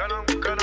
Can't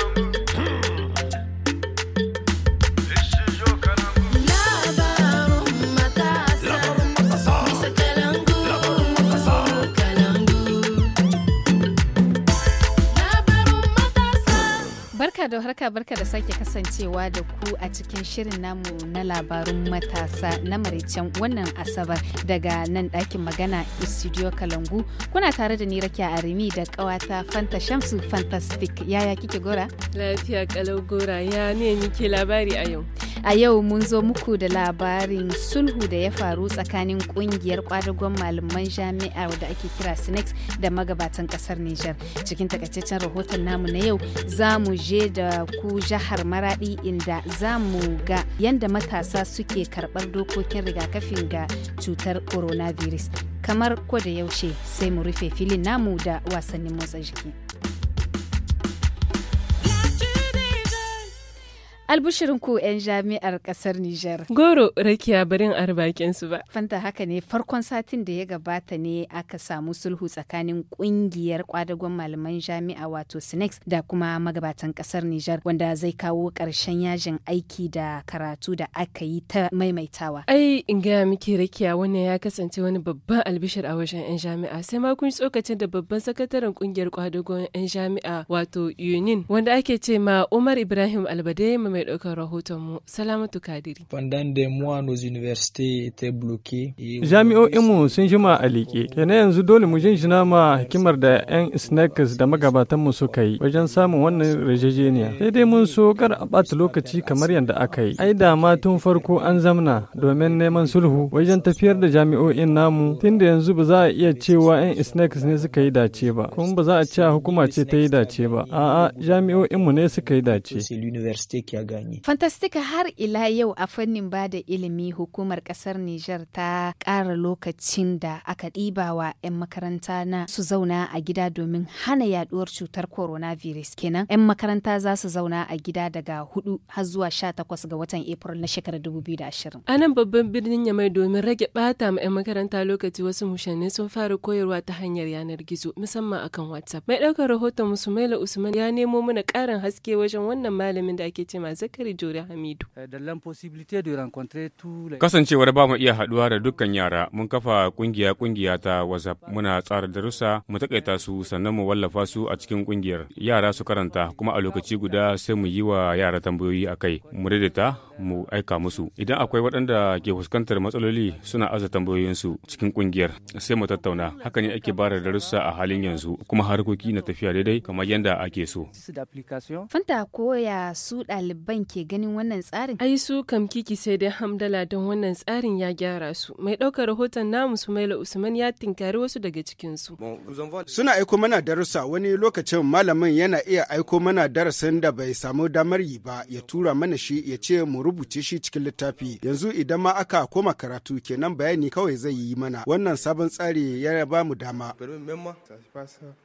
Barka da harka barka da sake kasancewa da ku a cikin shirin namu na labarun matasa na maraicen wannan asabar daga nan ɗakin magana studio Kalangu. Kuna tare da ni Rakiya Arimi da ƙawata Fanta Shamsu Fantastic. Yaya kike gora? Lafiya kalau gora ya ne ke labari a yau. A yau mun zo muku da labarin sulhu da ya faru tsakanin kungiyar kwadagon malaman jami'a da ake kira Sinex da magabatan kasar niger Cikin takaitaccen rahoton namu na yau za mu je da ku jihar Maradi inda za mu ga yadda matasa suke karɓar dokokin rigakafin ga cutar coronavirus. Kamar ko da yaushe sai mu rufe filin namu da wasannin motsa jiki. ku 'yan jami'ar kasar Nijar. Goro rakiya barin arbakin su ba. Fanta haka ne farkon satin da ya gabata ne aka samu sulhu tsakanin kungiyar kwadagon malaman jami'a wato SNEX da kuma magabatan kasar Nijar wanda zai kawo karshen yajin aiki da karatu da aka yi ta maimaitawa. Ai in gaya miki rakiya wannan ya kasance wani babban albishir a wajen 'yan jami'a sai ma kun tsokacin da babban sakataren kungiyar kwadagon 'yan jami'a wato Yunin wanda ake ce ma Umar Ibrahim Albade mai ɗaukar rahoton mu Salamatu Kadiri. bloke. Jami'o'inmu sun jima a liƙe. Kenan yanzu dole mu jinjina ma hikimar da 'yan snakes da magabatan mu suka yi wajen samun wannan rajajeniya. Sai dai mun so kar a ɓata lokaci kamar yadda aka yi. Ai da ma tun farko an zamna domin neman sulhu wajen tafiyar da jami'o'in namu tunda yanzu ba za a iya cewa 'yan snakes ne suka yi dace ba. Kuma ba za a ce hukuma ce ta yi dace ba. A'a jami'o'inmu ne suka yi dace. gani. Fantastika har ila yau a fannin ba da ilimi hukumar kasar Nijar ta ƙara lokacin da aka ɗibawa 'yan makaranta na su zauna a gida domin hana yaduwar cutar coronavirus kenan 'yan makaranta za su zauna a gida daga 4 har zuwa 18 ga watan April na shekarar 2020. A nan babban birnin Yamai domin rage bata ma 'yan makaranta lokaci wasu mushanni sun fara koyarwa ta hanyar yanar gizo musamman akan WhatsApp. Mai ɗaukar rahoton Musumaila Usman ya nemo mana ƙarin haske wajen wannan malamin da ake ce Zakari Jori Hamidu. Eh, Kasancewar ba mu iya haɗuwa da dukkan yara mun kafa kungiya ƙungiya ta WhatsApp muna tsara darussa mu takaita su sannan mu wallafa su a cikin kungiyar. yara su karanta kuma a lokaci guda sai mu yi wa yara tambayoyi a kai mu daidaita mu aika musu idan akwai waɗanda ke fuskantar matsaloli suna aza tambayoyinsu cikin kungiyar. sai mu tattauna haka ne ake bada darussa a halin yanzu kuma harkoki na tafiya daidai kamar yadda ake so. Fanta koya su ɗalibai ban ke ganin wannan tsarin? Ai su kam kiki sai dai hamdala don wannan tsarin ya gyara su. Mai ɗaukar rahoton namu maila Usman ya tinkari wasu daga cikin su. Suna aiko mana darussa wani lokacin malamin yana iya aiko mana darasin da bai samu damar yi ba ya tura mana shi ya ce mu rubuce shi cikin littafi. Yanzu idan ma aka koma karatu kenan bayani kawai zai yi mana. Wannan sabon tsari ya ba mu dama.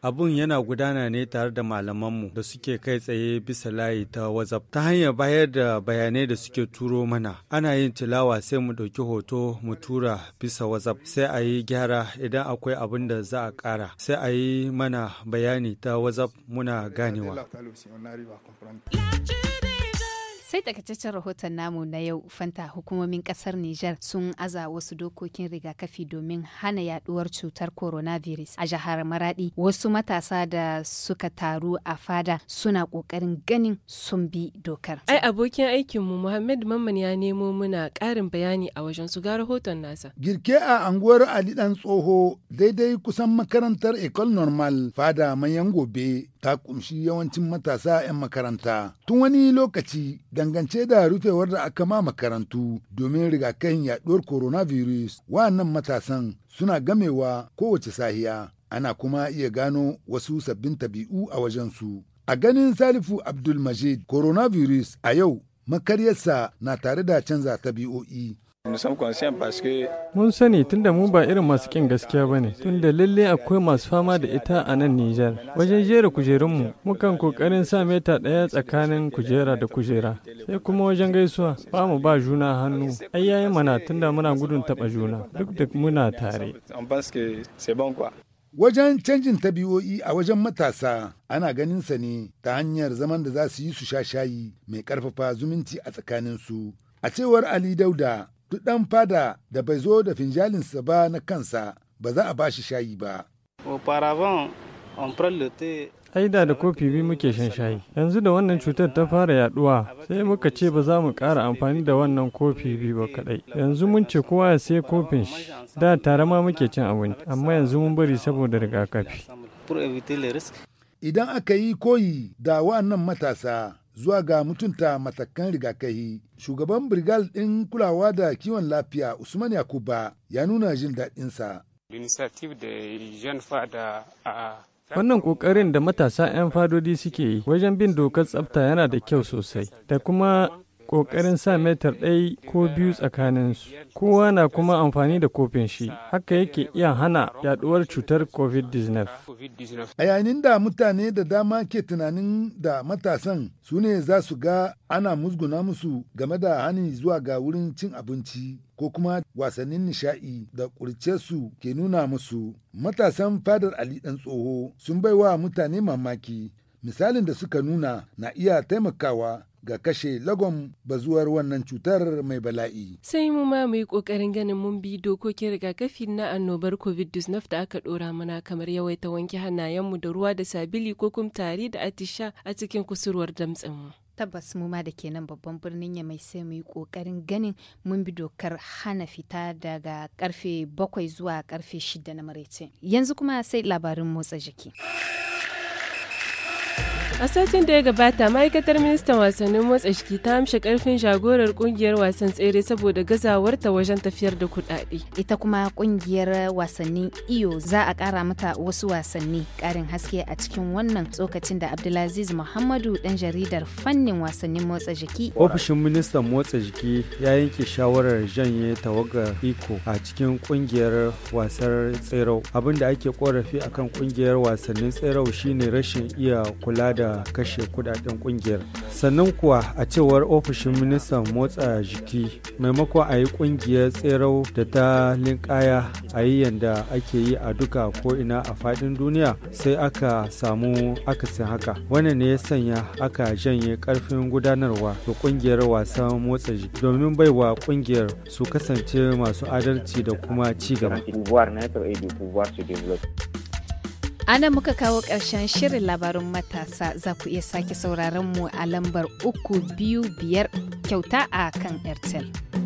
Abun yana gudana ne tare da malamanmu da suke kai tsaye bisa layi ta WhatsApp ta hanyar bayar da bayanai da suke turo mana ana yin tilawa sai mu ɗauki hoto mu tura bisa whatsapp sai a yi gyara idan akwai abin da za a ƙara sai a yi mana bayani ta whatsapp muna ganewa Sai takaitaccen rahoton namu na yau fanta hukumomin kasar Nijar sun aza wasu dokokin rigakafi domin hana yaduwar cutar coronavirus a jihar Maradi. Wasu matasa da suka taru a fada suna kokarin ganin sun bi dokar. Ai abokin aikinmu Muhammad Mamman ya nemo muna ƙarin bayani a wajen su ga rahoton nasa. Girke a anguwar Ali Dan Tsoho daidai kusan makarantar Ecole Normal fada manyan gobe ta kumshi yawancin matasa 'yan makaranta. Tun wani lokaci dangance da rufewar da aka ma makarantu domin rigakafin yaduwar coronavirus wa'annan matasan suna gamewa kowace sahiya. Ana kuma iya gano wasu sabbin tabi'u a wajensu. A ganin Salifu Abdulmajid, coronavirus a yau makaryarsa na tare da canza tabi'o'i Mun sani tunda mu ba irin masu kin gaskiya ba ne, tunda lalle akwai masu fama da ita a nan Nijar. Wajen jera kujerunmu, mukan kokarin sa meta ɗaya tsakanin kujera da kujera. Sai kuma wajen gaisuwa, ba mu ba juna hannu. Ai yayi mana tunda muna gudun taɓa juna, duk da muna tare. Wajen canjin tabiyoyi a wajen matasa ana ganin sa ne ta hanyar zaman da za su yi su sha shayi mai ƙarfafa zumunci a tsakaninsu. A cewar Ali Dauda, duk dan fada da bai zo da finjalinsa ba na kansa ba za a bashi shayi ba. Ai da da kofi biyu muke shan shayi. Yanzu da wannan cutar ta fara yaduwa sai muka ce ba za mu ƙara amfani da wannan kofi biyu ba kaɗai. Yanzu mun ce kowa ya sai kofin shi. Da tare ma muke cin abinci, amma yanzu mun bari saboda rigakafi. Idan aka yi koyi da wa'annan matasa zuwa ga mutunta matakan rigakahi Shugaban Brigal ɗin kulawa da kiwon lafiya Usman Yakuba ya nuna jin daɗinsa. Wannan ƙoƙarin da matasa 'yan fadodi suke yi wajen bin dokar tsafta yana da kyau sosai, da kuma ƙoƙarin sa metar ɗai ko biyu tsakaninsu kowa na kuma amfani da kofin shi haka yake iya hana yaduwar cutar covid-19 a yayin da mutane da dama ke tunanin da matasan su ne za su ga ana musguna musu game da hani zuwa ga wurin cin abinci ko kuma wasannin nishaɗi da su ke nuna musu matasan fadar ali ɗan tsoho sun baiwa mutane mamaki misalin da suka nuna na iya taimakawa ga kashe lagon bazuwar wannan cutar mai bala'i. Sai mu ma mu yi ƙoƙarin ganin mun bi dokokin rigakafi na annobar COVID-19 da aka ɗora mana kamar yawaita wanke hannayenmu da ruwa da sabili ko kuma tari da atisha a cikin kusurwar damtsin mu tabbas mu ma da kenan babban birnin ya mai sai mu yi kokarin ganin mun bi dokar hana fita daga karfe bakwai zuwa karfe shida na maraice yanzu kuma sai labarin motsa jiki A satin da ya gabata ma'aikatar ministan wasannin motsa jiki ta amshe karfin jagorar kungiyar wasan tsere saboda gazawarta wajen tafiyar da kudade. Ita kuma kungiyar wasannin iyo za a kara mata wasu wasanni karin haske a cikin wannan tsokacin da Abdulaziz Muhammadu dan jaridar fannin wasannin motsa jiki. Ofishin ministan motsa jiki ya yanke shawarar janye tawagar iko a cikin kungiyar wasar tserau abinda ake korafi akan kungiyar wasannin tserau shine rashin iya kula da da kashe kudaden kungiyar sannan kuwa a cewar ofishin ministan motsa jiki maimakon a yi kungiyar tserau da ta linkaya a yi yanda ake yi a duka ko ina a fadin duniya sai aka samu akasin haka wani ne ya sanya aka janye karfin gudanarwa da kungiyar wasan motsa jiki domin baiwa kungiyar su kasance masu adalci da kuma ci gaba. Ana muka kawo ƙarshen shirin labarin matasa za ku iya sake sauraron mu a lambar uku biyu biyar kyauta a kan Airtel.